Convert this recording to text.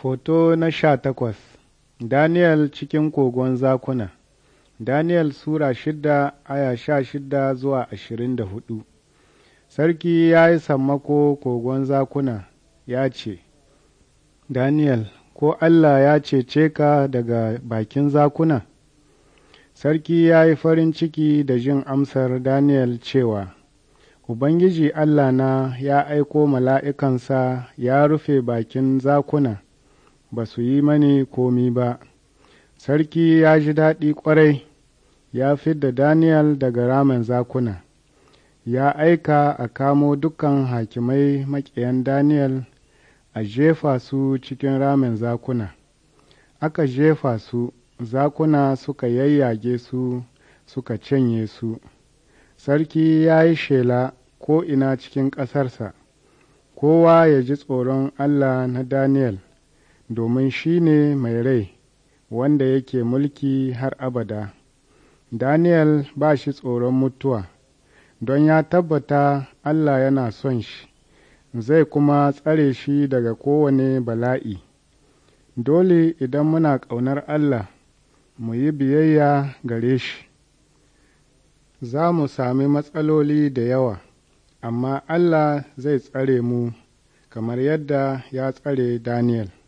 Foto na sha takwas Daniel cikin kogon zakuna Daniel Sura shida aya sha shida zuwa ashirin da hudu Sarki ya yi sammako kogon zakuna ya ce, Daniel, ko Allah ya cece ka daga bakin zakuna? Sarki ya yi farin ciki da jin amsar Daniel cewa, Ubangiji Allah na ya aiko mala'ikansa ya rufe bakin zakuna. ba su yi mani komi ba sarki ya ji daɗi ƙwarai ya fidda daniel daga ramin zakuna ya aika a kamo dukkan hakimai maƙiyan daniel a jefa su cikin ramin zakuna aka jefa su zakuna suka yayyage su suka cinye su sarki ya yi shela ina cikin ƙasarsa kowa ya ji tsoron allah na daniel domin shi ne mai rai wanda yake mulki har abada. Daniel ba shi tsoron mutuwa, don ya tabbata Allah yana son shi, zai kuma tsare shi daga kowane bala'i. Dole idan muna ƙaunar Allah, mu yi biyayya gare shi. Za mu sami matsaloli da yawa, amma Allah zai tsare mu kamar yadda ya tsare Daniel.